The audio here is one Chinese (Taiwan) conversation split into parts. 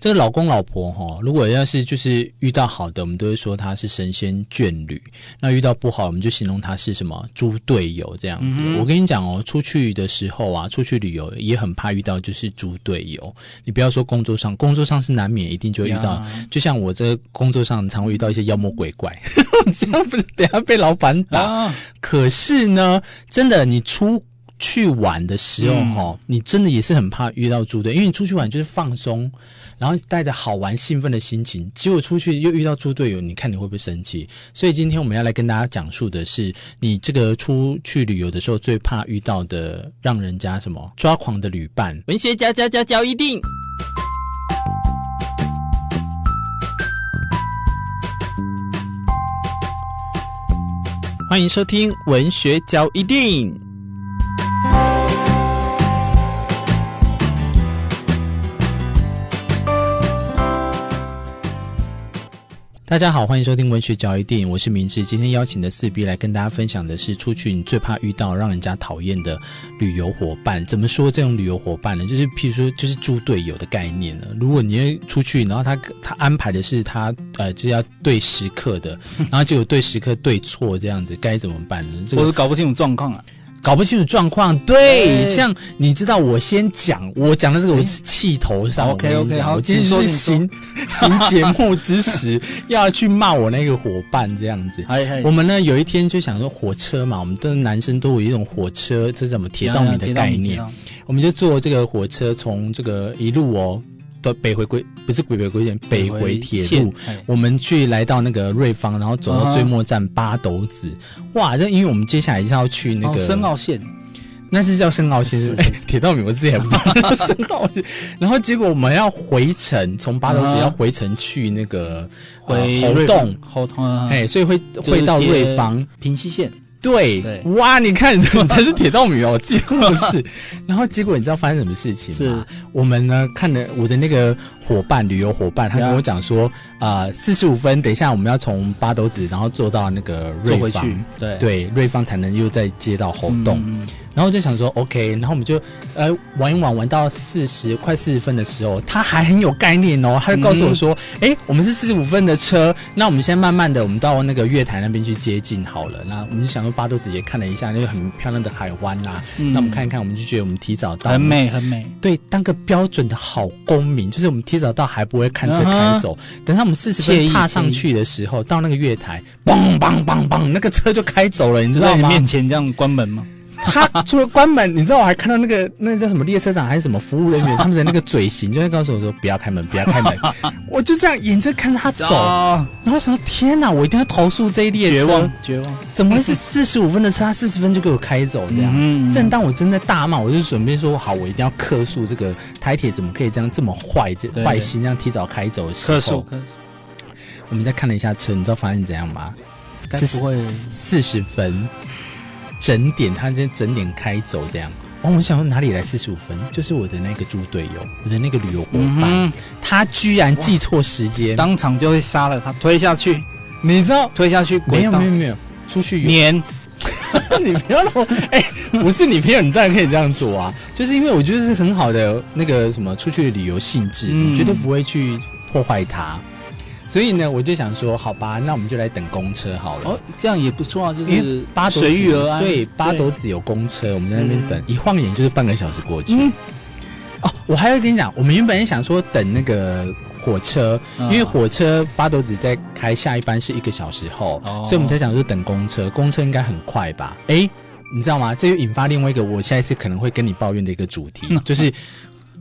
這個老公老婆哈、哦，如果要是就是遇到好的，我們都會說他是神仙眷侶；那遇到不好，我們就形容他是什麼豬隊友這樣子、嗯。我跟你講哦，出去的時候啊，出去旅遊也很怕遇到就是豬隊友。你不要說工作上，工作上是難免一定就會遇到。就像我在工作上，常會遇到一些妖魔鬼怪， 這樣不是等下被老闆打、啊。可是呢，真的你出。去玩的時候、嗯、你真的也是很怕遇到豬隊友，因為你出去玩就是放鬆，然後帶着好玩興奮的心情，結果出去又遇到豬隊友，你看你會不會生氣？所以今天我們要來跟大家講述的是，你這個出去旅遊的時候最怕遇到的，讓人家什麼抓狂的旅伴？文學嚼嚼嚼一定，歡迎收聽文學嚼一定。大家好，歡迎收聽文學交易電影，我是明志。今天邀請的四 B 來跟大家分享的是，出去你最怕遇到讓人家討厭的旅遊夥伴。怎麼說這種旅遊夥伴呢？就是譬如說，就是豬隊友的概念呢，如果你出去，然後他他安排的是他呃，就要對時刻的，然後就有對時刻對錯這樣子，該怎麼辦呢？這個，我是搞不清楚狀況啊。搞不清楚狀況對，對，像你知道我先講，我講的這個我是氣頭上，欸、我先講，okay, 我繼續說行新節目之時 要去罵我那個伙伴這樣子。嘿嘿我們呢有一天就想說火車嘛，我們都是男生都有一種火車這怎麼鐵道迷的概念、嗯，我們就坐這個火車從這個一路哦。北回歸不是北北歸線，北回鐵路。我們去來到那個瑞芳，然後走到最末站八斗子。Uh -huh. 哇！這因為我們接下來是要去那個、oh, 深澳線，那是叫深澳線。鐵、欸、道迷，我之前不知道 深澳線。然後結果我們要回程，從八斗子要回程去那個、uh -huh. 回猴硐，猴硐。哎、啊欸，所以會會、就是、到瑞芳平溪線。對，對，哇，你看，你才是鐵道迷哦，幾 乎得 是，然後結果你知道發生什麼事情嗎？是，我們呢看的我的那個。伙伴旅遊伙伴，他跟我講說，yeah. 呃，四十五分，等一下我們要從八斗子，然後坐到那個瑞芳，對對，瑞芳才能又再接到活動。嗯、然後我就想說，OK，然後我們就呃玩一玩，玩到四十快四十分的時候，他還很有概念哦，他就告訴我說，哎、嗯，我們是四十五分的車，那我們先慢慢的，我們到那個月台那邊去接近好了。那我們就想說，八斗子也看了一下那個很漂亮的海灣啦、啊嗯，那我們看一看，我們就覺得我們提早到很美很美。對，當個標準的好公民，就是我們提。至少到還不會看車開走，uh -huh. 等他們四十分踏上去的時候，到那個月台，嘣嘣嘣嘣，那個車就開走了，你知道嗎？你面前這樣關門嗎？他除了關門， 你知道我還看到那個那叫什麼列車長還是什麼服務人員， 他們的那個嘴型就會告訴我說不要開門，不要開門。 我就這樣眼睜睜看著他走， 然後想說天哪，我一定要投訴這一列車，絕望,絕望 怎麼會是四十五分的車，他四十分就給我開走這樣？嗯嗯。正當我正在大罵，我就準備說好，我一定要客訴這個台鐵怎麼可以這樣這麼壞，這壞心這樣提早開走的時候，客訴，客訴。我們再看了一下車，你知道發現怎樣嗎？不會四十分。整點，他直接整點開走，這樣。哦，我想說，哪裡來四十五分？就是我的那個豬隊友，我的那個旅遊夥伴、嗯，他居然記錯時間，當場就會殺了他，推下去。你知道？推下去？沒有沒有沒有，出去年。 你不要那哎、欸，不是你朋友，你當然可以這樣做啊。就是因為我覺得是很好的那個什麼出去的旅遊性質，嗯、我絕對不會去破壞它。所以呢，我就想說，好吧，那我們就來等公車好了。哦，這樣也不錯啊，就是隨遇而安。對，八斗子有公車，我們在那邊等，嗯。一晃眼就是半個小時過去。嗯。哦，我還要跟你講，我們原本想說等那個火車，嗯，因為火車八斗子在開下一班是一個小時後，哦，所以我們才想說等公車，公車應該很快吧？哎，欸，你知道嗎？這又引發另外一個我下一次可能會跟你抱怨的一個主題，嗯，就是。嗯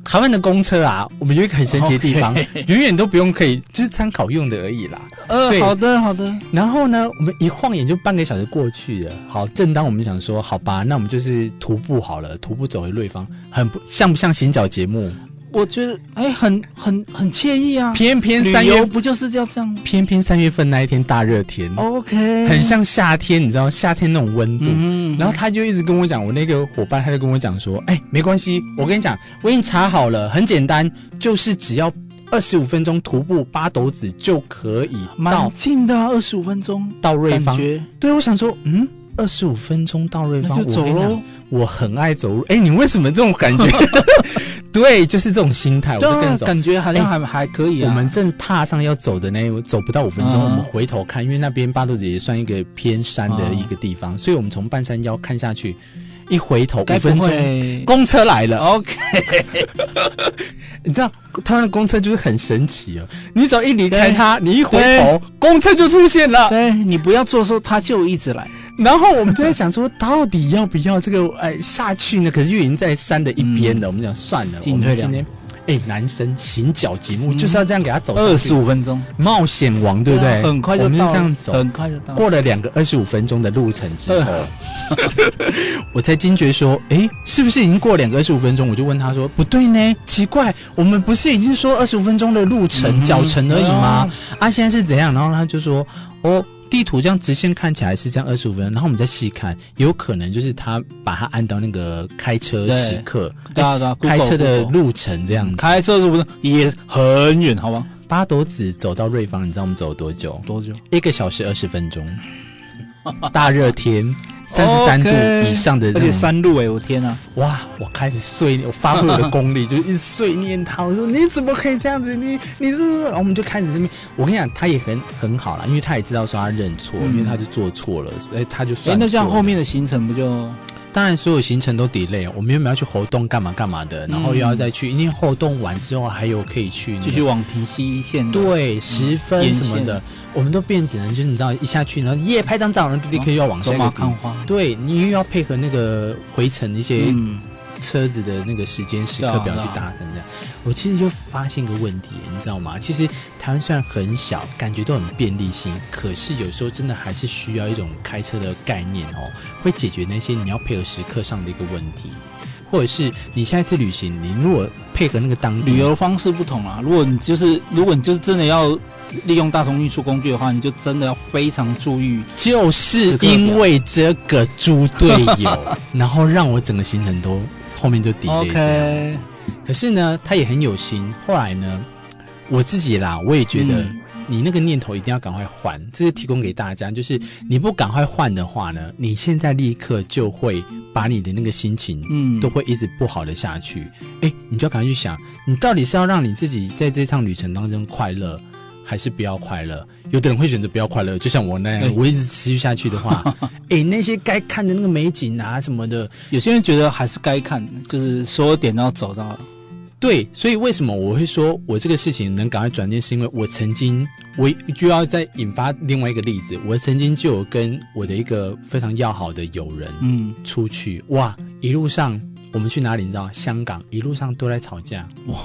台灣的公車啊，我們有一個很神奇的地方，okay. 永遠都不用可以，就是參考用的而已啦。呃，好的好的。然後呢，我們一晃眼就半個小時過去了。好，正當我們想說，好吧，那我們就是徒步好了，徒步走回瑞芳，很不像不像行腳節目。我覺得哎、欸，很很很愜意啊！偏偏三月旅遊不就是要這樣嗎？偏偏三月份那一天大熱天，OK，很像夏天，你知道夏天那種溫度，嗯。然後他就一直跟我講，我那個夥伴他就跟我講說，哎、欸，沒關係，我跟你講，我已經查好了，很簡單，就是只要二十五分鐘徒步八斗子就可以到。近的二十五分鐘到瑞芳，對我想說，嗯，二十五分鐘到瑞芳，就走了，我跟你我很愛走路，哎、欸，你為什麼這種感覺？ 對，就是這種心態。 對、啊，感覺好像還還可以、啊欸。我們正踏上要走的那，走不到五分鐘、嗯，我們回頭看，因為那邊八斗子也算一個偏山的一個地方，嗯、所以我們從半山腰看下去，一回頭5，五分鐘，公車來了。OK， 你知道他們的公車就是很神奇哦，你只要一離開它，你一回頭，公車就出現了。對，你不要坐的時候，它就一直來。然後我們就在想說，到底要不要這個哎下去呢？可是又已經在山的一邊了、嗯。我們講算了，今天今天哎、欸，男生行腳節目、嗯、就是要這樣給他走二十五分鐘，冒險王對不對、嗯？很快就到我們這樣，走，很快就到了。過了兩個二十五分鐘的路程之後，呵呵 我才驚覺說，哎、欸，是不是已經過兩個二十五分鐘？我就問他說，不對呢，奇怪，我們不是已經說二十五分鐘的路程、嗯、腳程而已嗎啊？啊，現在是怎樣？然後他就說，哦。地圖這樣直線看起來是這樣二十五分，然後我們再細看，有可能就是他把它按到那個開車時刻，對，欸對啊對啊，開車的路程這樣子，子、嗯。開車是不是也很遠？好嗎？八斗子走到瑞芳，你知道我們走了多久？多久？一個小時二十分鐘。大熱天，三十三度以上的，okay, 而且山路哎，我天啊！哇，我開始碎，我發揮我的功力，就一碎念他，我說你怎麼可以這樣子？你你是,是然後我們就開始這邊。我跟你講，他也很很好啦，因為他也知道說他認錯、嗯，因為他就做錯了，以、欸、他就算了。這、欸、像後面的行程不就？當然，所有行程都 delay，我們又沒要去活動，幹嘛幹嘛的、嗯，然後又要再去。因為活動完之後，還有可以去繼續往平溪一線，對、嗯，十分什麼的。我們都變只能就是你知道一下去，然後夜拍張照，然後滴滴 K 又要往上。看花。對，你又要配合那個回程，一些。嗯。嗯車子的那個時間時刻表去搭乘。啊，這樣、啊、我其實就發現一個問題，你知道嗎？其實台灣雖然很小，感覺都很便利性，可是有時候真的還是需要一種開車的概念哦、喔，會解決那些你要配合時刻上的一個問題，或者是你下一次旅行，你如果配合那個當地旅遊方式不同啊，如果你就是如果你就是真的要利用大眾運輸工具的話，你就真的要非常注意，就是因為這個豬隊友， 然後讓我整個行程都。後面就 delay 這樣子，Okay.，可是呢，他也很有心。後來呢，我自己啦，我也覺得你那個念頭一定要趕快換，這，嗯就是提供給大家，就是你不趕快換的話呢，你現在立刻就會把你的那個心情，嗯，都會一直不好的下去。哎、嗯欸，你就要趕快去想，你到底是要讓你自己在這趟旅程當中快樂。還是不要快樂，有的人會選擇不要快樂，就像我那樣，我一直持續下去的話，哎、 欸，那些該看的那個美景啊什麼的，有些人覺得還是該看，就是所有點都要走到了。對，所以為什麼我會說我這個事情能趕快轉念是因為我曾經，我又要再引發另外一個例子，我曾經就有跟我的一個非常要好的友人，嗯，出去哇，一路上我們去哪裡你知道嗎？香港一路上都在吵架，哇，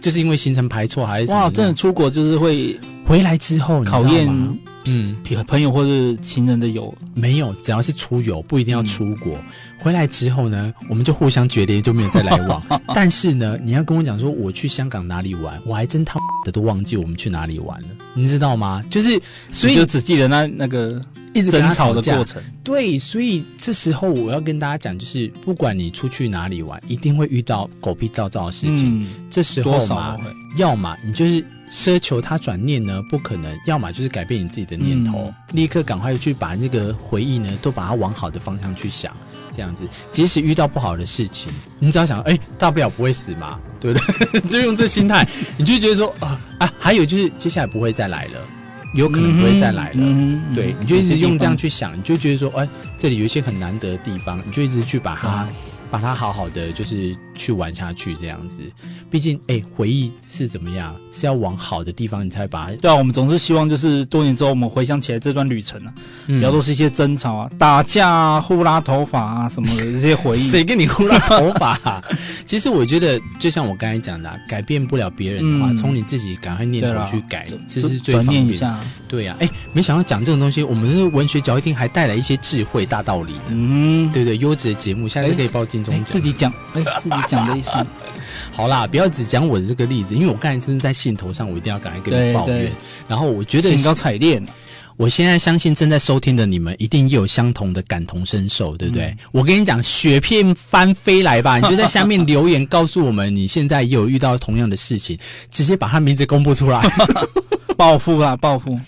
就是因為行程排錯還是什麼？哇，真的出國就是會。回來之後，你考驗嗯，朋友或者，情人的友沒有，只要是出遊，不一定要出國，嗯。回來之後呢，我們就互相決裂，就沒有再來往。 但是呢，你要跟我講說我去香港哪裡玩，我還真他媽的都忘記我們去哪裡玩了，你知道嗎？就是所以你就只記得那那個一直爭吵的過程。對，所以這時候我要跟大家講，就是不管你出去哪裡玩，一定會遇到狗屁倒灶的事情。嗯，這時候嘛要麼你就是奢求他轉念呢，不可能；要麼就是改變你自己的念頭，嗯、立刻趕快去把那個回憶呢，都把它往好的方向去想。這樣子，即使遇到不好的事情，你只要想，哎、欸，大不了不會死嘛，對不對？ 就用這心態， 你就覺得說啊啊，還有就是接下來不會再來了，有可能不會再來了，嗯嗯、對、嗯，你就一直用這樣去想，你就覺得說，哎、啊，這裡有一些很難得的地方，你就一直去把它。嗯把它好好的，就是去玩下去這樣子。畢竟，哎、欸，回憶是怎麼樣，是要往好的地方你才把它。對啊，我們總是希望，就是多年之後我們回想起來這段旅程啊，嗯、比較多是一些爭吵啊、打架啊、互拉頭髮啊什麼的， 這些回憶。誰跟你互拉頭髮、啊？ 其實我覺得，就像我剛才講的、啊，改變不了別人的話，從、嗯、你自己趕快念頭去改，啊、這，這是最方便的。的、啊。轉念一下。對啊，哎、欸，沒想到講這種東西，我們的文學角一定還帶來一些智慧大道理。嗯，對對，對，優質的節目，下就可以報警自己講，哎，自己講的意思。 好啦，不要只講我的這個例子，因為我剛才真的在興頭上，我一定要趕來跟你抱怨對對。然後我覺得興高采烈，我現在相信正在收聽的你們一定也有相同的感同身受，對不對？嗯，我跟你講，雪片翻飛來吧，你就在下面留言告訴我們，你現在也有遇到同樣的事情， 直接把他名字公布出來， 報復啊，報復！